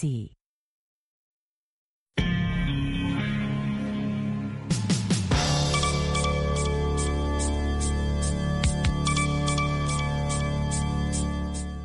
Sí.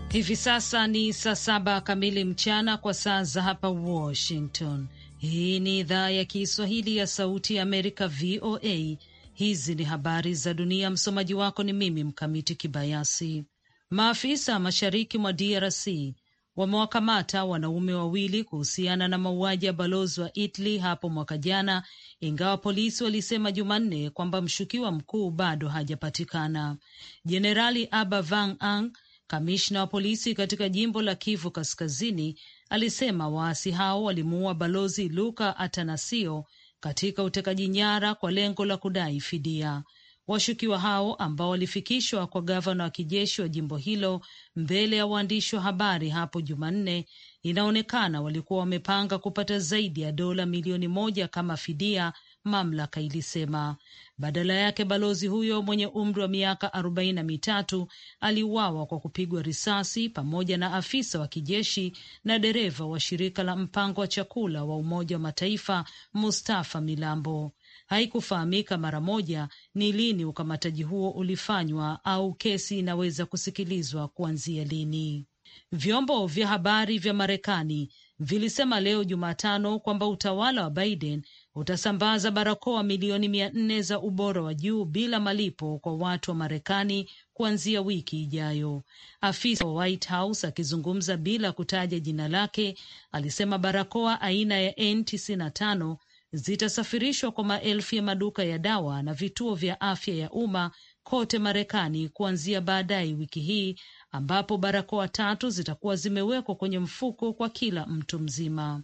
Hivi sasa ni saa saba kamili mchana kwa saa za hapa Washington. Hii ni idhaa ya Kiswahili ya Sauti ya Amerika, VOA. Hizi ni habari za dunia. Msomaji wako ni mimi Mkamiti Kibayasi. Maafisa mashariki mwa DRC wamewakamata wanaume wawili kuhusiana na mauaji ya balozi wa Italy hapo mwaka jana, ingawa polisi walisema Jumanne kwamba mshukiwa mkuu bado hajapatikana. Jenerali Aba Van Ang, kamishna wa polisi katika jimbo la Kivu Kaskazini, alisema waasi hao walimuua balozi Luka Atanasio katika utekaji nyara kwa lengo la kudai fidia. Washukiwa hao ambao walifikishwa kwa gavana wa kijeshi wa jimbo hilo mbele ya waandishi wa habari hapo Jumanne, inaonekana walikuwa wamepanga kupata zaidi ya dola milioni moja kama fidia, mamlaka ilisema. Badala yake, balozi huyo mwenye umri wa miaka arobaini na mitatu aliuawa kwa kupigwa risasi pamoja na afisa wa kijeshi na dereva wa shirika la mpango wa chakula wa Umoja wa Mataifa Mustafa Milambo. Haikufahamika mara moja ni lini ukamataji huo ulifanywa au kesi inaweza kusikilizwa kuanzia lini. Vyombo vya habari vya Marekani vilisema leo Jumatano kwamba utawala wa Biden utasambaza barakoa milioni mia nne za ubora wa juu bila malipo kwa watu wa Marekani kuanzia wiki ijayo. Afisa wa White House akizungumza bila kutaja jina lake alisema barakoa aina ya N95 zitasafirishwa kwa maelfu ya maduka ya dawa na vituo vya afya ya umma kote Marekani kuanzia baadaye wiki hii, ambapo barakoa tatu zitakuwa zimewekwa kwenye mfuko kwa kila mtu mzima.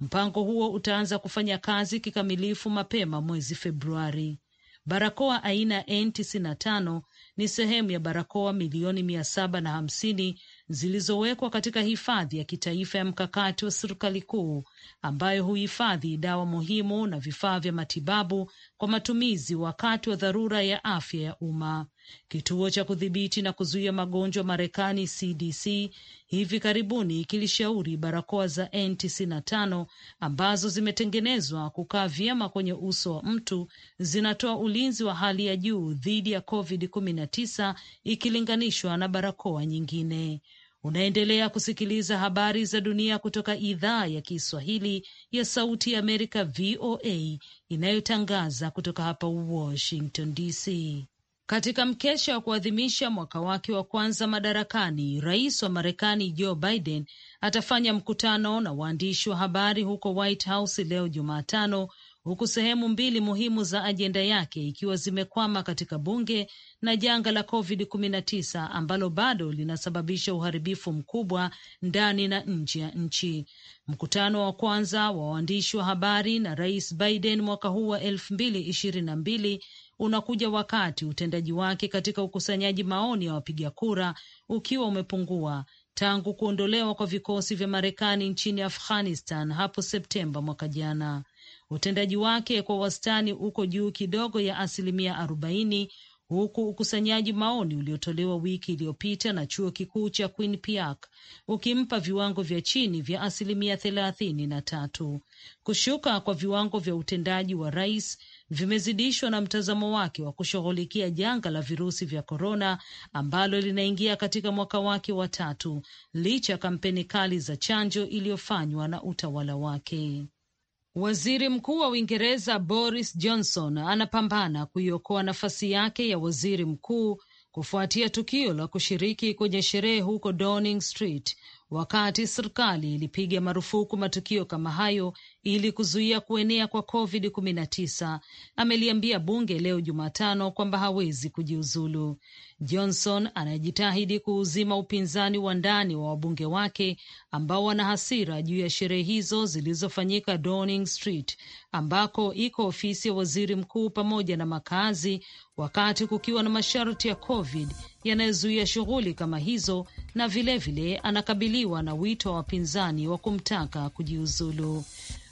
Mpango huo utaanza kufanya kazi kikamilifu mapema mwezi Februari. Barakoa aina N95 ni sehemu ya barakoa milioni mia saba na hamsini zilizowekwa katika hifadhi ya kitaifa ya mkakati wa serikali kuu ambayo huhifadhi dawa muhimu na vifaa vya matibabu kwa matumizi wakati wa dharura ya afya ya umma. Kituo cha kudhibiti na kuzuia magonjwa Marekani, CDC, hivi karibuni kilishauri barakoa za N95 ambazo zimetengenezwa kukaa vyema kwenye uso wa mtu zinatoa ulinzi wa hali ya juu dhidi ya COVID-19 ikilinganishwa na barakoa nyingine. Unaendelea kusikiliza habari za dunia kutoka idhaa ya Kiswahili ya Sauti ya Amerika, VOA, inayotangaza kutoka hapa Washington DC. Katika mkesha wa kuadhimisha mwaka wake wa kwanza madarakani, rais wa Marekani Joe Biden atafanya mkutano na waandishi wa habari huko White House leo Jumatano, huku sehemu mbili muhimu za ajenda yake ikiwa zimekwama katika bunge na janga la COVID-19 ambalo bado linasababisha uharibifu mkubwa ndani na nje ya nchi. Mkutano wa kwanza wa waandishi wa habari na rais Biden mwaka huu wa elfu mbili ishirini na mbili unakuja wakati utendaji wake katika ukusanyaji maoni ya wapiga kura ukiwa umepungua tangu kuondolewa kwa vikosi vya Marekani nchini Afghanistan hapo Septemba mwaka jana. Utendaji wake kwa wastani uko juu kidogo ya asilimia arobaini huku ukusanyaji maoni uliotolewa wiki iliyopita na chuo kikuu cha Piak ukimpa viwango vya chini vya asilimia thelathini na tatu. Kushuka kwa viwango vya utendaji wa rais vimezidishwa na mtazamo wake wa kushughulikia janga la virusi vya korona ambalo linaingia katika mwaka wake wa tatu licha ya kampeni kali za chanjo iliyofanywa na utawala wake. Waziri Mkuu wa Uingereza Boris Johnson anapambana kuiokoa nafasi yake ya waziri mkuu kufuatia tukio la kushiriki kwenye sherehe huko Downing Street wakati serikali ilipiga marufuku matukio kama hayo ili kuzuia kuenea kwa COVID-19 ameliambia bunge leo Jumatano kwamba hawezi kujiuzulu. Johnson anajitahidi kuuzima upinzani wa ndani wa wabunge wake ambao wana hasira juu ya sherehe hizo zilizofanyika Downing Street ambako iko ofisi ya waziri mkuu pamoja na makazi, wakati kukiwa na masharti ya COVID yanayozuia shughuli kama hizo, na vilevile vile anakabiliwa na wito wa wapinzani wa kumtaka kujiuzulu.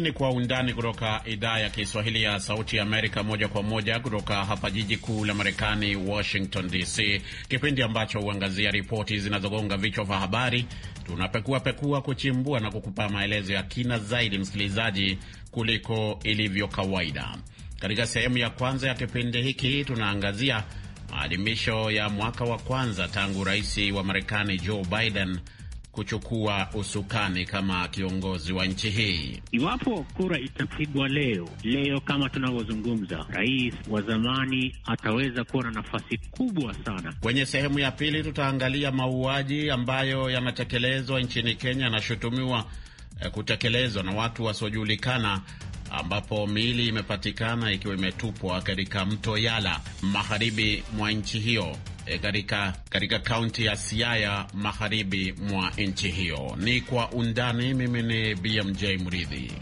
ni Kwa Undani kutoka idhaa ya Kiswahili ya Sauti ya Amerika, moja kwa moja kutoka hapa jiji kuu la Marekani, Washington DC, kipindi ambacho huangazia ripoti zinazogonga vichwa vya habari. Tunapekuapekua, kuchimbua na kukupa maelezo ya kina zaidi, msikilizaji, kuliko ilivyo kawaida. Katika sehemu ya kwanza ya kipindi hiki tunaangazia maadhimisho ya mwaka wa kwanza tangu rais wa Marekani Joe Biden kuchukua usukani kama kiongozi wa nchi hii. Iwapo kura itapigwa leo leo, kama tunavyozungumza, rais wa zamani ataweza kuwa na nafasi kubwa sana. Kwenye sehemu ya pili, tutaangalia mauaji ambayo yanatekelezwa nchini Kenya, yanashutumiwa eh, kutekelezwa na watu wasiojulikana ambapo miili imepatikana ikiwa imetupwa katika mto Yala magharibi mwa nchi hiyo. Eh, katika katika kaunti ya Siaya magharibi mwa nchi hiyo. Ni kwa undani. Mimi ni BMJ Mridhi.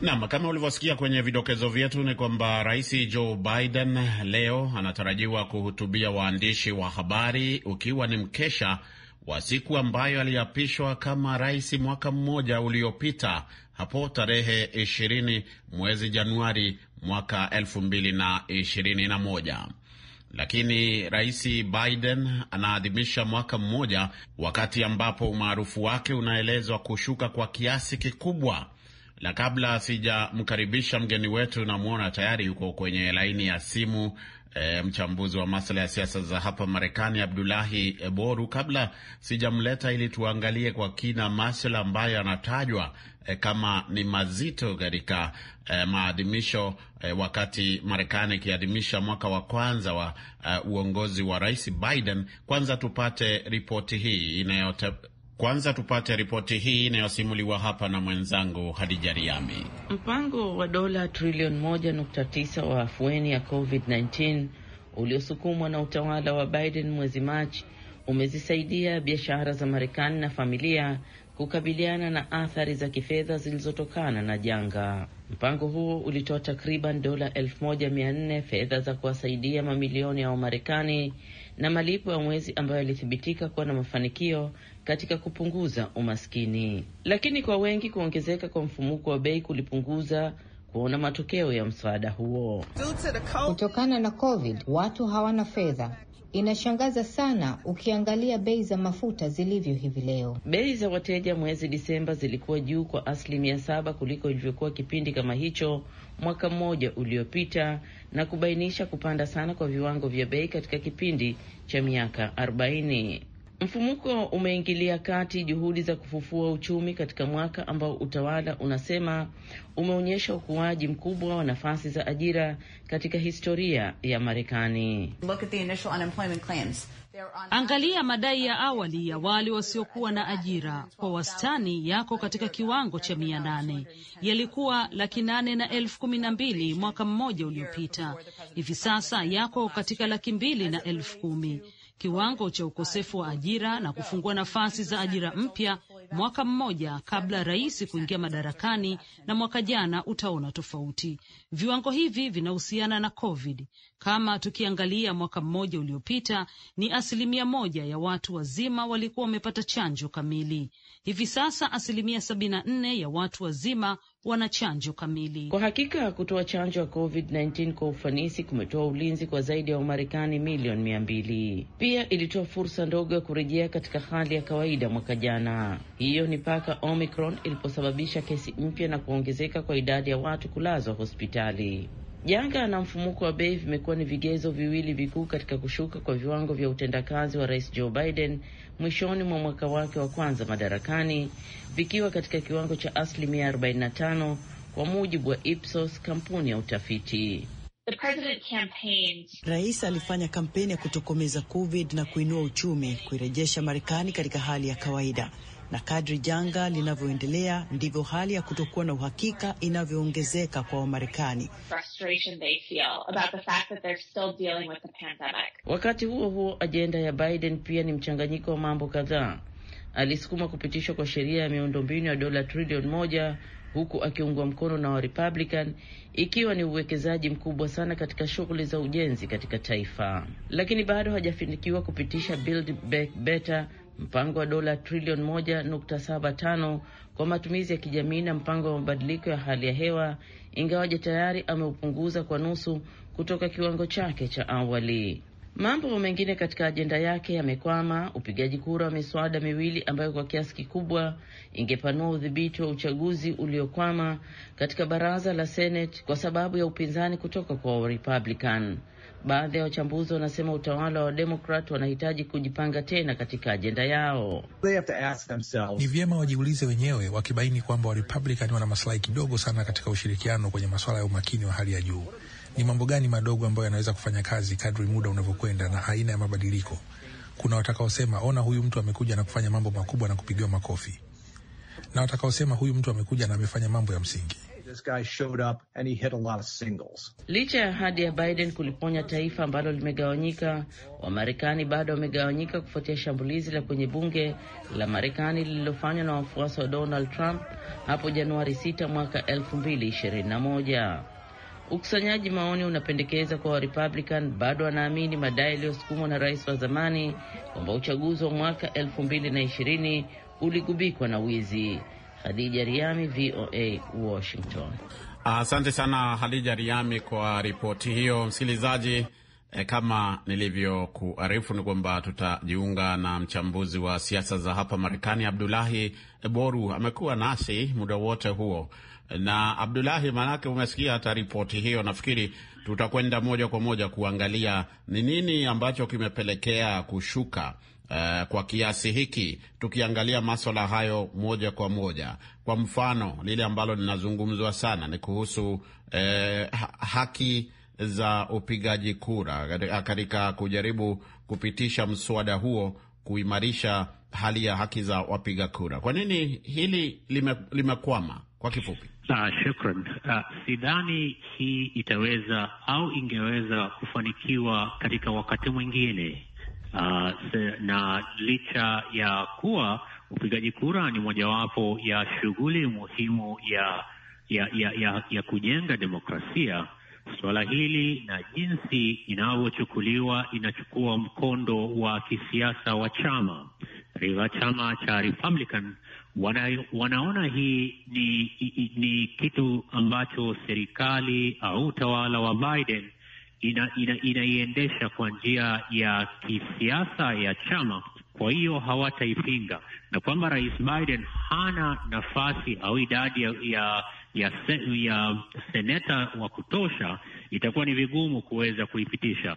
Nam, kama ulivyosikia kwenye vidokezo vyetu ni kwamba Rais Joe Biden leo anatarajiwa kuhutubia waandishi wa habari ukiwa ni mkesha wa siku ambayo aliapishwa kama rais mwaka mmoja uliopita hapo tarehe 20 mwezi Januari mwaka 2021 lakini Rais Biden anaadhimisha mwaka mmoja wakati ambapo umaarufu wake unaelezwa kushuka kwa kiasi kikubwa. Na kabla sijamkaribisha mgeni wetu, namwona tayari yuko kwenye laini ya simu E, mchambuzi wa masuala ya siasa za hapa Marekani Abdulahi Boru, kabla sijamleta ili tuangalie kwa kina masuala ambayo yanatajwa e, kama ni mazito katika e, maadhimisho e, wakati Marekani ikiadhimisha mwaka wa kwanza wa e, uongozi wa Rais Biden. Kwanza tupate ripoti hii inayote kwanza tupate ripoti hii inayosimuliwa hapa na mwenzangu Hadija Riami. Mpango wa dola trilioni tisa wa afueni ya COVID-19 uliosukumwa na utawala wa Biden mwezi Machi umezisaidia biashara za Marekani na familia kukabiliana na athari za kifedha zilizotokana na janga. Mpango huo ulitoa takriban dola 1400 fedha za kuwasaidia mamilioni ya Wamarekani na malipo ya mwezi ambayo yalithibitika kuwa na mafanikio katika kupunguza umaskini, lakini kwa wengi kuongezeka kwa mfumuko wa bei kulipunguza kuona matokeo ya msaada huo. Kutokana na COVID watu hawana fedha. Inashangaza sana ukiangalia bei za mafuta zilivyo hivi leo. Bei za wateja mwezi Disemba zilikuwa juu kwa asilimia saba kuliko ilivyokuwa kipindi kama hicho mwaka mmoja uliopita, na kubainisha kupanda sana kwa viwango vya bei katika kipindi cha miaka 40. Mfumuko umeingilia kati juhudi za kufufua uchumi katika mwaka ambao utawala unasema umeonyesha ukuaji mkubwa wa nafasi za ajira katika historia ya Marekani. Angalia madai ya awali ya wale wasiokuwa na ajira, kwa wastani yako katika kiwango cha mia nane. Yalikuwa laki nane na elfu kumi na mbili mwaka mmoja uliopita, hivi sasa yako katika laki mbili na elfu kumi kiwango cha ukosefu wa ajira na kufungua nafasi za ajira mpya mwaka mmoja kabla rais kuingia madarakani, na mwaka jana utaona tofauti. Viwango hivi vinahusiana na COVID. Kama tukiangalia mwaka mmoja uliopita, ni asilimia moja ya watu wazima walikuwa wamepata chanjo kamili. Hivi sasa asilimia sabini na nne ya watu wazima wana chanjo kamili. Kwa hakika kutoa chanjo ya COVID-19 kwa ufanisi kumetoa ulinzi kwa zaidi ya Wamarekani milioni mia mbili. Pia ilitoa fursa ndogo ya kurejea katika hali ya kawaida mwaka jana. Hiyo ni mpaka Omicron iliposababisha kesi mpya na kuongezeka kwa idadi ya watu kulazwa hospitali. Janga na mfumuko wa bei vimekuwa ni vigezo viwili vikuu katika kushuka kwa viwango vya utendakazi wa Rais Joe Biden mwishoni mwa mwaka wake wa kwanza madarakani, vikiwa katika kiwango cha asilimia 45 kwa mujibu wa Ipsos, kampuni ya utafiti. Rais alifanya kampeni ya kutokomeza COVID na kuinua uchumi, kuirejesha Marekani katika hali ya kawaida na kadri janga linavyoendelea ndivyo hali ya kutokuwa na uhakika inavyoongezeka kwa Wamarekani. Wakati huo huo, ajenda ya Biden pia ni mchanganyiko wa mambo kadhaa. Alisukuma kupitishwa kwa sheria ya miundombinu ya dola trilioni moja huku akiungwa mkono na Warepublican ikiwa ni uwekezaji mkubwa sana katika shughuli za ujenzi katika taifa, lakini bado hajafanikiwa kupitisha Build Back Better mpango wa dola trilioni moja nukta saba tano kwa matumizi ya kijamii na mpango wa mabadiliko ya hali ya hewa, ingawaje tayari ameupunguza kwa nusu kutoka kiwango chake cha awali. Mambo mengine katika ajenda yake yamekwama: upigaji kura wa miswada miwili ambayo kwa kiasi kikubwa ingepanua udhibiti wa uchaguzi uliokwama katika baraza la Senate kwa sababu ya upinzani kutoka kwa Warepublican. Baadhi ya wachambuzi wanasema utawala wa Demokrat wanahitaji kujipanga tena katika ajenda yao. Ni vyema wajiulize wenyewe, wakibaini kwamba Warepublican wana masilahi kidogo sana katika ushirikiano kwenye masuala ya umakini wa hali ya juu. Ni mambo gani madogo ambayo yanaweza kufanya kazi kadri muda unavyokwenda na aina ya mabadiliko? Kuna watakaosema ona, huyu mtu amekuja na kufanya mambo makubwa na kupigiwa makofi, na watakaosema huyu mtu amekuja na amefanya mambo ya msingi this guy showed up and he hit a lot of singles. Licha ya ahadi ya Biden kuliponya taifa ambalo limegawanyika, Wamarekani bado wamegawanyika kufuatia shambulizi la kwenye bunge la Marekani lililofanywa na wafuasi wa Donald Trump hapo Januari 6 mwaka 2021. Ukusanyaji maoni unapendekeza kwa Warepublican bado wanaamini madai yaliyosukumwa na rais wa zamani kwamba uchaguzi wa mwaka 2020 uligubikwa na wizi. Hadija Riami, VOA Washington. Asante sana Hadija Riami kwa ripoti hiyo. Msikilizaji, eh, kama nilivyokuarifu ni kwamba tutajiunga na mchambuzi wa siasa za hapa Marekani, Abdulahi Boru. Amekuwa nasi muda wote huo na Abdulahi, maanake umesikia hata ripoti hiyo. Nafikiri tutakwenda moja kwa moja kuangalia ni nini ambacho kimepelekea kushuka uh, kwa kiasi hiki, tukiangalia maswala hayo moja kwa moja. Kwa mfano lile ambalo linazungumzwa sana ni kuhusu eh, haki za upigaji kura katika kujaribu kupitisha mswada huo kuimarisha hali ya haki za wapiga kura. Kwa nini hili lime, limekwama? Kwa kifupi. Uh, shukran. Uh, sidhani hii itaweza au ingeweza kufanikiwa katika wakati mwingine uh, na licha ya kuwa upigaji kura ni mojawapo ya shughuli muhimu ya ya, ya, ya, ya kujenga demokrasia, suala hili na jinsi inavyochukuliwa inachukua mkondo wa kisiasa wa chama katika chama cha Republican wana, wanaona hii ni, ni, ni kitu ambacho serikali au utawala wa Biden inaiendesha ina, ina kwa njia ya kisiasa ya chama. Kwa hiyo hawataipinga, na kwamba Rais Biden hana nafasi au idadi ya, ya, ya, ya seneta wa kutosha, itakuwa ni vigumu kuweza kuipitisha.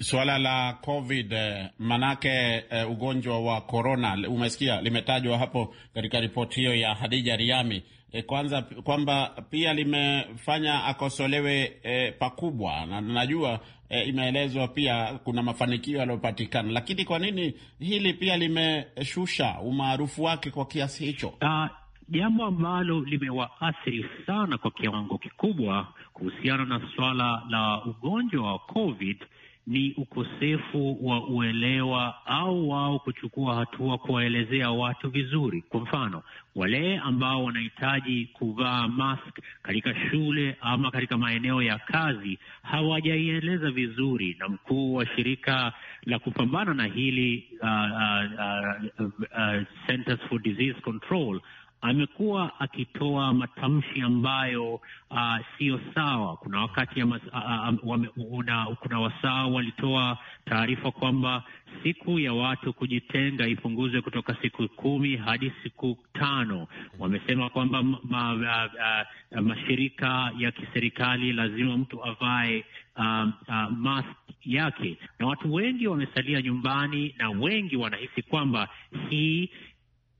Suala la COVID manake, uh, ugonjwa wa korona umesikia limetajwa hapo katika ripoti hiyo ya Hadija Riami e, kwanza kwamba pia limefanya akosolewe e, pakubwa, na najua e, imeelezwa pia kuna mafanikio yaliyopatikana, lakini kwa nini hili pia limeshusha umaarufu wake kwa kiasi hicho? Uh, jambo ambalo limewaathiri sana kwa kiwango kikubwa kuhusiana na swala la ugonjwa wa COVID ni ukosefu wa uelewa au wao kuchukua hatua kuwaelezea watu vizuri. Kwa mfano, wale ambao wanahitaji kuvaa mask katika shule ama katika maeneo ya kazi hawajaieleza vizuri, na mkuu wa shirika la kupambana na hili uh, uh, uh, uh, Centers for Disease Control amekuwa akitoa matamshi ambayo uh, siyo sawa. Kuna wakati ya mas, uh, um, una, kuna wasaa walitoa taarifa kwamba siku ya watu kujitenga ipunguzwe kutoka siku kumi hadi siku tano. Wamesema kwamba ma, ma, ma, ma, ah, mashirika ya kiserikali lazima mtu avae uh, uh, mask yake, na watu wengi wamesalia nyumbani na wengi wanahisi kwamba hii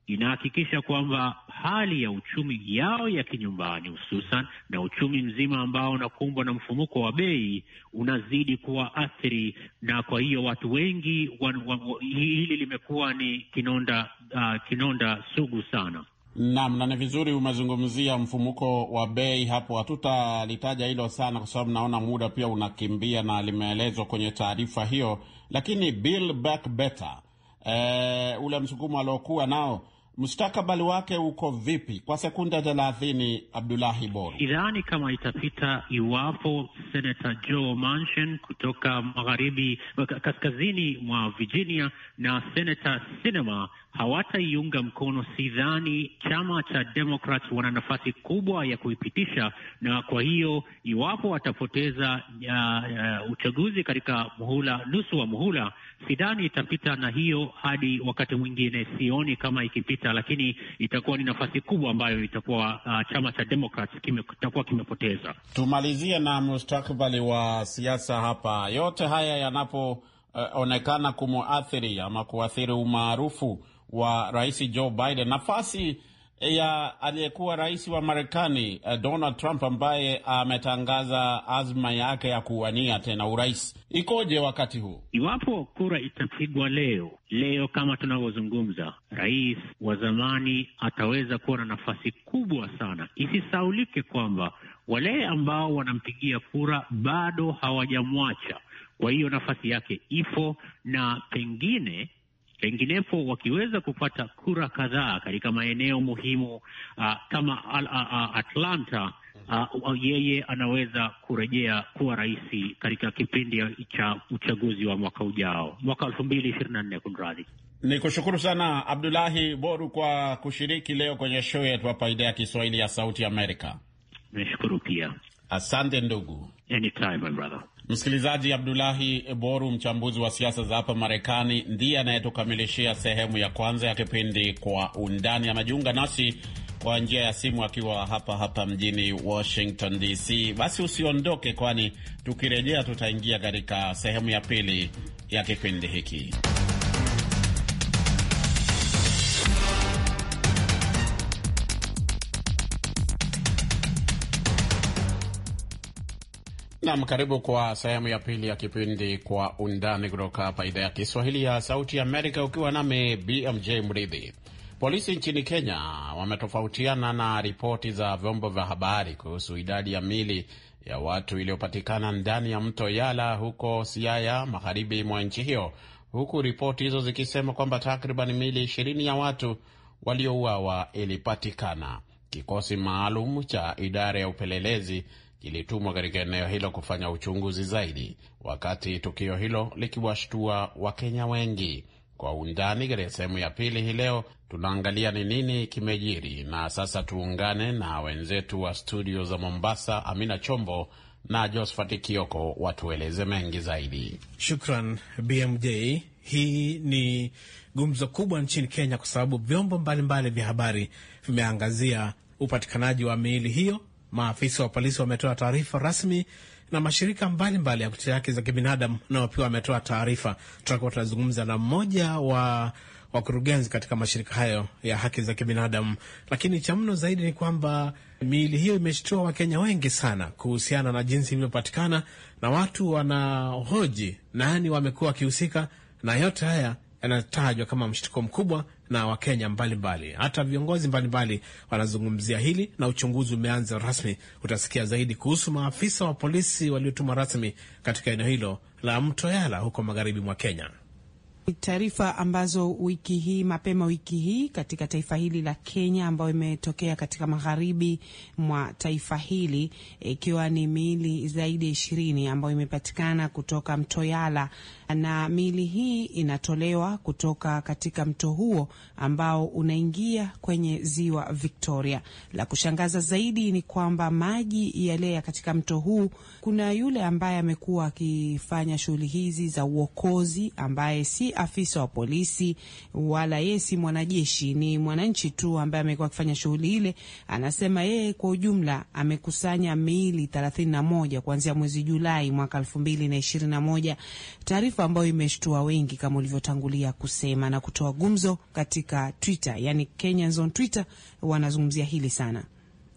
inahakikisha kwamba hali ya uchumi yao ya kinyumbani hususan na uchumi mzima ambao unakumbwa na mfumuko wa bei unazidi kuwa athiri, na kwa hiyo watu wengi wan, wan, hili limekuwa ni kinonda uh, kinonda sugu sana. Naam, na ni vizuri umezungumzia mfumuko wa bei hapo. Hatutalitaja hilo sana kwa sababu naona muda pia unakimbia na limeelezwa kwenye taarifa hiyo, lakini Build Back Better, eh, ule msukumo aliokuwa nao mustakabali wake uko vipi? Kwa sekunde thelathini, Abdulahi Boru. Idhani kama itapita iwapo senata Joe Manchin kutoka magharibi kaskazini mwa Virginia na senata Sinema hawataiunga mkono, sidhani chama cha Demokrat wana nafasi kubwa ya kuipitisha, na kwa hiyo iwapo watapoteza uh, uh, uchaguzi katika muhula, nusu wa muhula sidhani itapita na hiyo hadi wakati mwingine, sioni kama ikipita, lakini itakuwa ni nafasi kubwa ambayo itakuwa uh, chama cha Democrats kitakuwa kime, kimepoteza. Tumalizie na mustakbali wa siasa hapa, yote haya yanapoonekana uh, kumwathiri ama kuathiri umaarufu wa Rais Joe Biden nafasi ya aliyekuwa rais wa Marekani eh, Donald Trump ambaye ametangaza azma yake ya kuwania tena urais ikoje wakati huu? Iwapo kura itapigwa leo leo, kama tunavyozungumza, rais wa zamani ataweza kuwa na nafasi kubwa sana. Isisaulike kwamba wale ambao wanampigia kura bado hawajamwacha, kwa hiyo nafasi yake ipo na pengine Penginepo wakiweza kupata kura kadhaa katika maeneo muhimu uh, kama uh, uh, Atlanta uh, yeye anaweza kurejea kuwa rais katika kipindi cha uchaguzi wa mwaka ujao, mwaka elfu mbili ishirini na nne. Kunradhi. Ni kushukuru sana Abdulahi Boru kwa kushiriki leo kwenye show yetu hapa idhaa ya Kiswahili ya Sauti Amerika. Nashukuru pia, asante ndugu. Anytime, my brother. Msikilizaji, Abdulahi Boru, mchambuzi wa siasa za hapa Marekani, ndiye anayetukamilishia sehemu ya kwanza ya kipindi Kwa Undani. Amejiunga nasi kwa njia ya simu akiwa hapa hapa mjini Washington DC. Basi usiondoke, kwani tukirejea tutaingia katika sehemu ya pili ya kipindi hiki. Nam, karibu kwa sehemu ya pili ya kipindi Kwa Undani kutoka hapa idhaa ya Kiswahili ya Sauti Amerika, ukiwa nami BMJ Mridhi. Polisi nchini Kenya wametofautiana na ripoti za vyombo vya habari kuhusu idadi ya mili ya watu iliyopatikana ndani ya mto Yala huko Siaya, magharibi mwa nchi hiyo, huku ripoti hizo zikisema kwamba takriban mili ishirini ya watu waliouawa ilipatikana. Kikosi maalum cha idara ya upelelezi ilitumwa katika eneo hilo kufanya uchunguzi zaidi, wakati tukio hilo likiwashtua Wakenya wengi. Kwa undani katika sehemu ya pili hii leo tunaangalia ni nini kimejiri, na sasa tuungane na wenzetu wa studio za Mombasa, Amina Chombo na Josphat Kioko watueleze mengi zaidi. Shukran BMJ. Hii ni gumzo kubwa nchini Kenya kwa sababu vyombo mbalimbali vya habari vimeangazia upatikanaji wa miili hiyo Maafisa wa polisi wametoa taarifa rasmi na mashirika mbalimbali mbali ya kutetea haki za kibinadamu nao pia wametoa taarifa. Tutakuwa tunazungumza na mmoja wa wakurugenzi katika mashirika hayo ya haki za kibinadamu. Lakini cha mno zaidi ni kwamba miili hiyo imeshtua Wakenya wengi sana kuhusiana na jinsi ilivyopatikana, na watu wanahoji nani wamekuwa wakihusika, na yote haya yanatajwa kama mshtuko mkubwa na Wakenya mbalimbali, hata viongozi mbalimbali wanazungumzia hili, na uchunguzi umeanza rasmi. Utasikia zaidi kuhusu maafisa wa polisi waliotumwa rasmi katika eneo hilo la Mto Yala huko magharibi mwa Kenya. Taarifa ambazo wiki hii mapema wiki hii katika taifa hili la Kenya ambayo imetokea katika magharibi mwa taifa hili ikiwa e, ni miili zaidi ya ishirini ambayo imepatikana kutoka mto Yala, na miili hii inatolewa kutoka katika mto huo ambao unaingia kwenye ziwa Victoria. La kushangaza zaidi ni kwamba maji yalea katika mto huu, kuna yule ambaye amekuwa akifanya shughuli hizi za uokozi ambaye si afisa wa polisi wala yeye si mwanajeshi, ni mwananchi tu ambaye amekuwa akifanya shughuli ile. Anasema yeye kwa ujumla amekusanya miili 31 kuanzia mwezi Julai mwaka 2021, taarifa ambayo imeshtua wengi kama ulivyotangulia kusema na kutoa gumzo katika Twitter, yani Kenyans on Twitter wanazungumzia hili sana.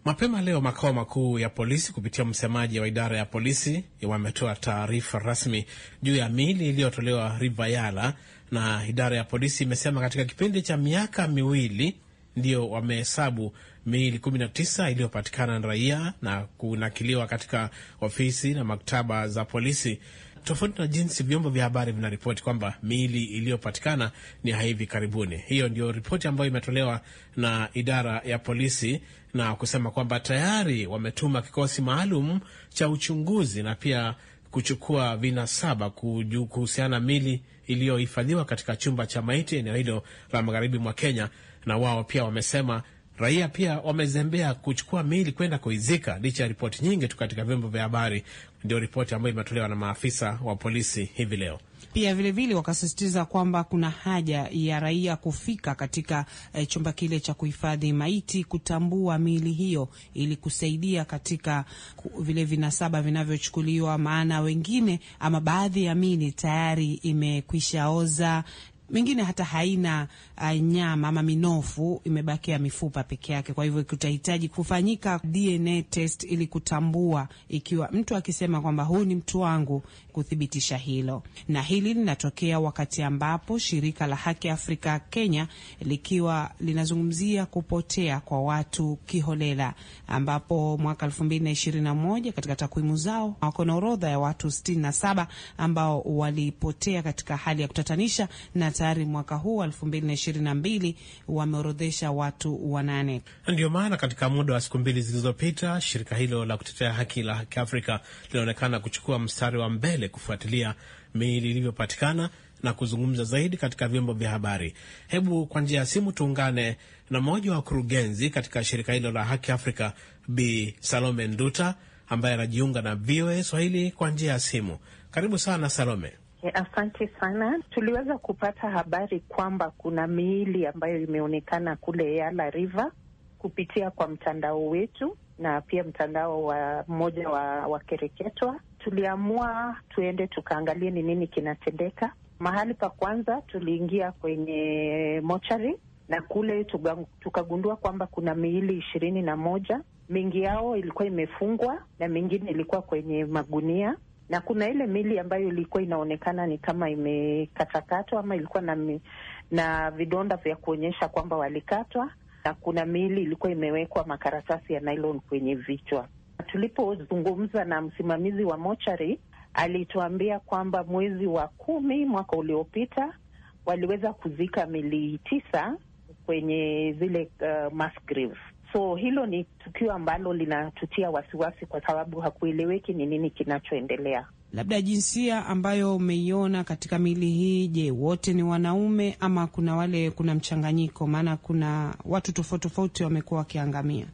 Mapema leo makao makuu ya polisi kupitia msemaji wa idara ya polisi wametoa taarifa rasmi juu ya miili iliyotolewa Rivayala, na idara ya polisi imesema katika kipindi cha miaka miwili ndio wamehesabu miili 19 iliyopatikana na raia na kunakiliwa katika ofisi na maktaba za polisi, tofauti na jinsi vyombo vya habari vinaripoti kwamba miili iliyopatikana ni ya hivi karibuni. Hiyo ndio ripoti ambayo imetolewa na idara ya polisi na kusema kwamba tayari wametuma kikosi maalum cha uchunguzi na pia kuchukua vinasaba kuhusiana mili iliyohifadhiwa katika chumba cha maiti eneo hilo la magharibi mwa Kenya. Na wao pia wamesema raia pia wamezembea kuchukua mili kwenda kuizika licha ya ripoti nyingi tu katika vyombo vya habari. Ndio ripoti ambayo imetolewa na maafisa wa polisi hivi leo. Pia vilevile wakasisitiza kwamba kuna haja ya raia kufika katika eh, chumba kile cha kuhifadhi maiti kutambua miili hiyo ili kusaidia katika vile vinasaba vinavyochukuliwa, maana wengine ama baadhi ya miili tayari imekwisha oza mengine hata haina uh, nyama ama minofu, imebakia mifupa peke yake. Kwa hivyo kutahitaji kufanyika DNA test ili kutambua ikiwa mtu akisema kwamba huu ni mtu wangu, kuthibitisha hilo. Na hili linatokea wakati ambapo shirika la Haki Afrika Kenya likiwa linazungumzia kupotea kwa watu kiholela, ambapo mwaka 2021 katika takwimu zao wako na orodha ya watu 67 ambao walipotea katika hali ya kutatanisha na tayari mwaka huu mbili wameorodhesha watu wanane. Ndio maana katika muda wa siku mbili zilizopita shirika hilo la kutetea haki la Haki Afrika linaonekana kuchukua mstari wa mbele kufuatilia miili ilivyopatikana na kuzungumza zaidi katika vyombo vya habari. Hebu kwa njia ya simu tuungane na mmoja wa wakurugenzi katika shirika hilo la Haki Afrika, Bi Salome Nduta ambaye anajiunga na VOA Swahili kwa njia ya simu. Karibu sana Salome. Eh, asante sana. Tuliweza kupata habari kwamba kuna miili ambayo imeonekana kule Yala River kupitia kwa mtandao wetu na pia mtandao wa mmoja wa wakereketwa. Tuliamua tuende tukaangalie ni nini kinatendeka. Mahali pa kwanza tuliingia kwenye mochari na kule tukagundua kwamba kuna miili ishirini na moja. Mingi yao ilikuwa imefungwa na mingine ilikuwa kwenye magunia na kuna ile mili ambayo ilikuwa inaonekana ni kama imekatakatwa ama ilikuwa na, mi, na vidonda vya kuonyesha kwamba walikatwa, na kuna mili ilikuwa imewekwa makaratasi ya nylon kwenye vichwa. Tulipozungumza na msimamizi wa mochari, alituambia kwamba mwezi wa kumi mwaka uliopita waliweza kuzika mili tisa kwenye zile uh, mass So hilo ni tukio ambalo linatutia wasiwasi, kwa sababu hakueleweki ni nini kinachoendelea. Labda jinsia ambayo umeiona katika mili hii, je, wote ni wanaume ama kuna wale, kuna mchanganyiko? Maana kuna watu tofauti tofauti wamekuwa wakiangamia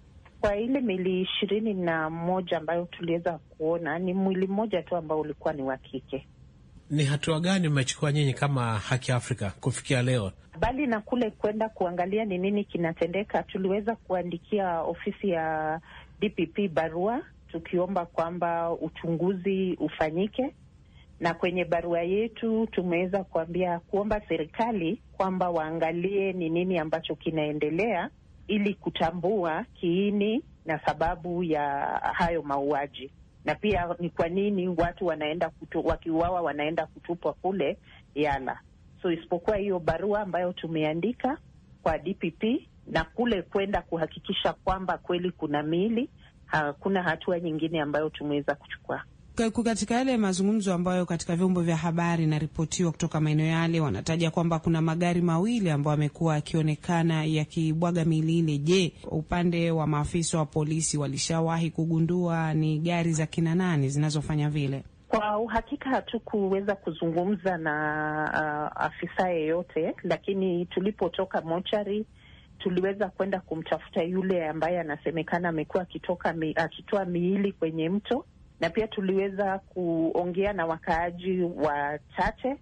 kwa ile mili ishirini na moja ambayo tuliweza kuona. Ni mwili mmoja tu ambao ulikuwa ni wa kike. Ni hatua gani mmechukua nyinyi kama Haki Afrika kufikia leo? Mbali na kule kwenda kuangalia ni nini kinatendeka, tuliweza kuandikia ofisi ya DPP barua tukiomba kwamba uchunguzi ufanyike, na kwenye barua yetu tumeweza kuambia kuomba serikali kwamba waangalie ni nini ambacho kinaendelea ili kutambua kiini na sababu ya hayo mauaji na pia ni kwa nini watu wanaenda kutu, wakiuawa wanaenda kutupwa kule Yala. So isipokuwa hiyo barua ambayo tumeandika kwa DPP na kule kwenda kuhakikisha kwamba kweli kuna miili, hakuna hatua nyingine ambayo tumeweza kuchukua katika yale mazungumzo ambayo katika vyombo vya habari inaripotiwa kutoka maeneo yale, wanataja kwamba kuna magari mawili ambayo yamekuwa yakionekana yakibwaga ile Je, upande wa maafisa wa polisi walishawahi kugundua ni gari za kina nani zinazofanya vile? Kwa uhakika hatukuweza kuzungumza na uh, afisa yeyote, lakini tulipotoka mochari tuliweza kwenda kumtafuta yule ambaye anasemekana amekuwa akitoa miili kwenye mto na pia tuliweza kuongea na wakaaji wachache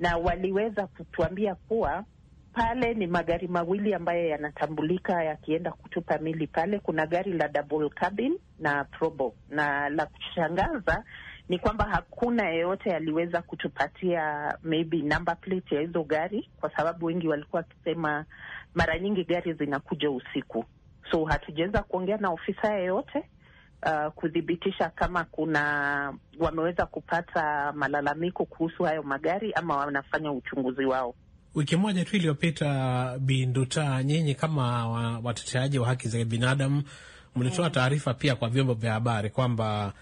na waliweza kutuambia kuwa pale ni magari mawili ambayo yanatambulika yakienda kutupa mili pale. Kuna gari la double cabin na probo, na la kushangaza ni kwamba hakuna yeyote aliweza kutupatia maybe number plate ya hizo gari, kwa sababu wengi walikuwa wakisema mara nyingi gari zinakuja usiku, so hatujaweza kuongea na ofisa yeyote uh, kuthibitisha kama kuna wameweza kupata malalamiko kuhusu hayo magari ama wanafanya uchunguzi wao. Wiki moja tu iliyopita, Binduta, nyinyi kama wateteaji wa haki za binadamu mlitoa mm. taarifa pia kwa vyombo vya habari kwamba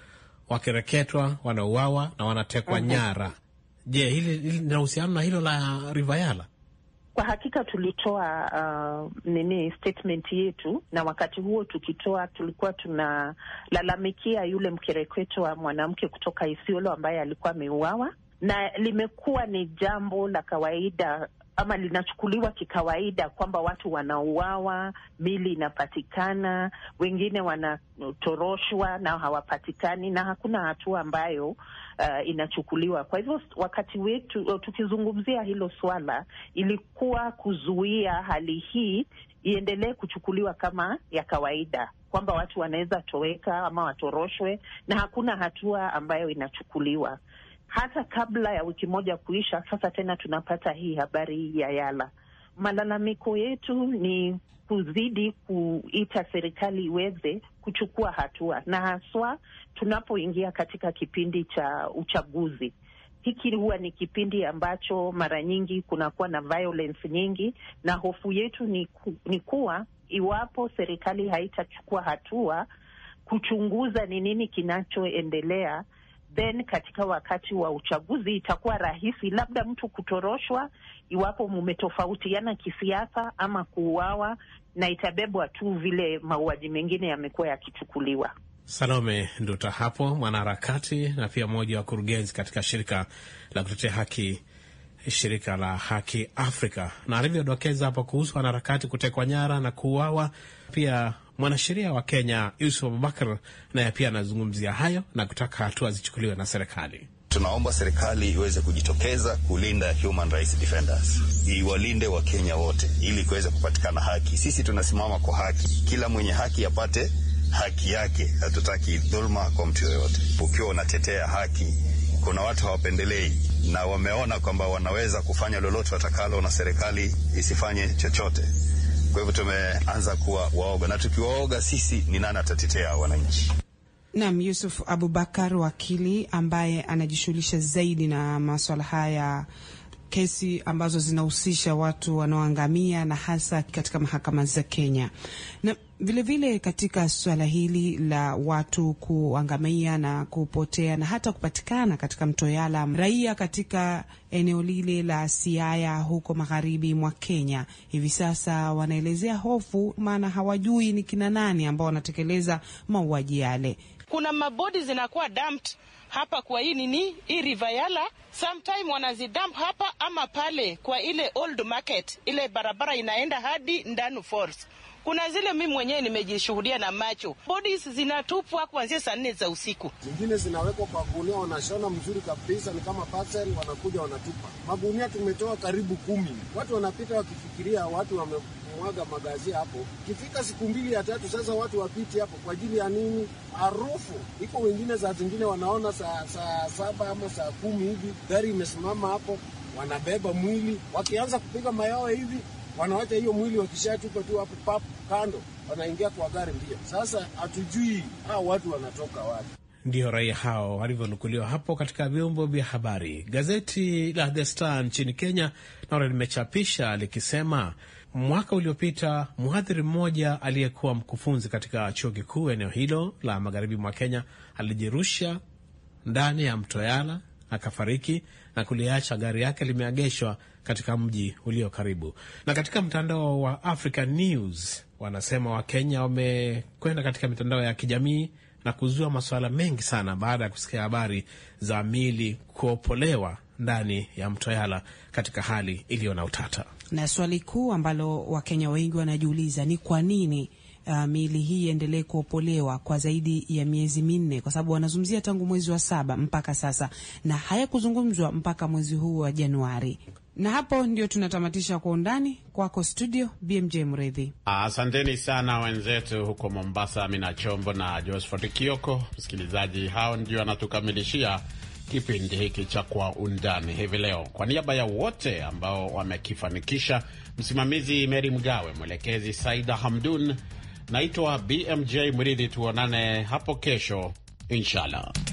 wakireketwa wanauawa na wanatekwa mm -hmm. nyara. Je, hili lina uhusiano na hilo la Rivayala? Kwa hakika tulitoa uh, nini statement yetu, na wakati huo tukitoa tulikuwa tunalalamikia yule mkereketo wa mwanamke kutoka Isiolo ambaye alikuwa ameuawa na limekuwa ni jambo la kawaida ama linachukuliwa kikawaida kwamba watu wanauawa, mili inapatikana, wengine wanatoroshwa na hawapatikani, na hakuna hatua ambayo uh, inachukuliwa. Kwa hivyo wakati wetu uh, tukizungumzia hilo swala, ilikuwa kuzuia hali hii iendelee kuchukuliwa kama ya kawaida kwamba watu wanaweza toweka ama watoroshwe na hakuna hatua ambayo inachukuliwa hata kabla ya wiki moja kuisha. Sasa tena tunapata hii habari ya Yala. Malalamiko yetu ni kuzidi kuita serikali iweze kuchukua hatua, na haswa tunapoingia katika kipindi cha uchaguzi. Hiki huwa ni kipindi ambacho mara nyingi kunakuwa na violence nyingi, na hofu yetu ni, ku, ni kuwa iwapo serikali haitachukua hatua kuchunguza ni nini kinachoendelea, then katika wakati wa uchaguzi itakuwa rahisi labda mtu kutoroshwa iwapo mumetofautiana kisiasa ama kuuawa, na itabebwa tu vile mauaji mengine yamekuwa yakichukuliwa. Salome Nduta hapo mwanaharakati na pia mmoja wa kurugenzi katika shirika la kutetea haki shirika la Haki Afrika, na alivyodokeza hapo kuhusu wanaharakati kutekwa nyara na kuuawa pia mwanasheria wa Kenya Yusuf Abubakar naye pia anazungumzia hayo na kutaka hatua zichukuliwe na serikali. Tunaomba serikali iweze kujitokeza kulinda human rights defenders, iwalinde Wakenya wote ili kuweze kupatikana haki. Sisi tunasimama kwa haki, kila mwenye haki apate haki yake. Hatutaki dhuluma kwa mtu yoyote. Ukiwa unatetea haki, kuna watu hawapendelei na wameona kwamba wanaweza kufanya lolote watakalo na serikali isifanye chochote. Kwa hivyo tumeanza kuwa waoga, na tukiwaoga sisi ni nani atatetea wananchi? Nam Yusuf Abubakar wakili ambaye anajishughulisha zaidi na maswala haya kesi ambazo zinahusisha watu wanaoangamia na hasa katika mahakama za Kenya na vilevile vile katika suala hili la watu kuangamia na kupotea na hata kupatikana katika mto Yala, raia katika eneo lile la Siaya huko magharibi mwa Kenya hivi sasa wanaelezea hofu, maana hawajui ni kina nani ambao wanatekeleza mauaji yale. Kuna mabodi zinakuwa dumped hapa kwa hii nini hii river Yala, sometime wanazidump hapa ama pale kwa ile old market, ile barabara inaenda hadi Ndanu Falls. Kuna zile mimi mwenyewe nimejishuhudia na macho, bodies zinatupwa kuanzia saa nne za usiku, zingine zinawekwa kwa gunia, wanashona mzuri kabisa, ni kama parcel, wanakuja wanatupa magunia. Tumetoa karibu kumi, watu wanapita wakifikiria watu wame mwaga magazi hapo. kifika siku mbili ya tatu sasa, watu wapiti hapo kwa ajili ya nini? Harufu iko. Wengine saa zingine wanaona saa saa saba ama saa kumi hivi gari imesimama hapo, wanabeba mwili wakianza kupiga mayowe hivi wanawacha hiyo mwili wakishatupa tu hapo papo kando, wanaingia kwa gari mbio. Sasa hatujui hao watu wanatoka wapi. ndio raia hao walivyonukuliwa hapo katika vyombo vya habari. Gazeti la The Star nchini Kenya nalo limechapisha likisema mwaka uliopita mhadhiri mmoja aliyekuwa mkufunzi katika chuo kikuu eneo hilo la magharibi mwa Kenya alijirusha ndani ya mto Yala akafariki na kuliacha gari yake limeegeshwa katika mji ulio karibu. Na katika mtandao wa Africa News wanasema Wakenya wamekwenda katika mitandao ya kijamii na kuzua masuala mengi sana baada ya kusikia habari za mili kuopolewa ndani ya mto Yala katika hali iliyo na utata, na swali kuu ambalo Wakenya wengi wanajiuliza ni kwa nini uh, miili hii iendelee kuopolewa kwa zaidi ya miezi minne, kwa sababu wanazungumzia tangu mwezi wa saba mpaka sasa, na hayakuzungumzwa mpaka mwezi huu wa Januari na hapo ndio tunatamatisha kwa undani kwako studio BMJ Mredhi. Asanteni sana wenzetu huko Mombasa, Amina Chombo na Josphat Kioko. Msikilizaji, hao ndio anatukamilishia kipindi hiki cha Kwa Undani hivi leo. Kwa niaba ya wote ambao wamekifanikisha, msimamizi Meri Mgawe, mwelekezi Saida Hamdun, Naitwa BMJ Mridhi, tuonane hapo kesho inshallah.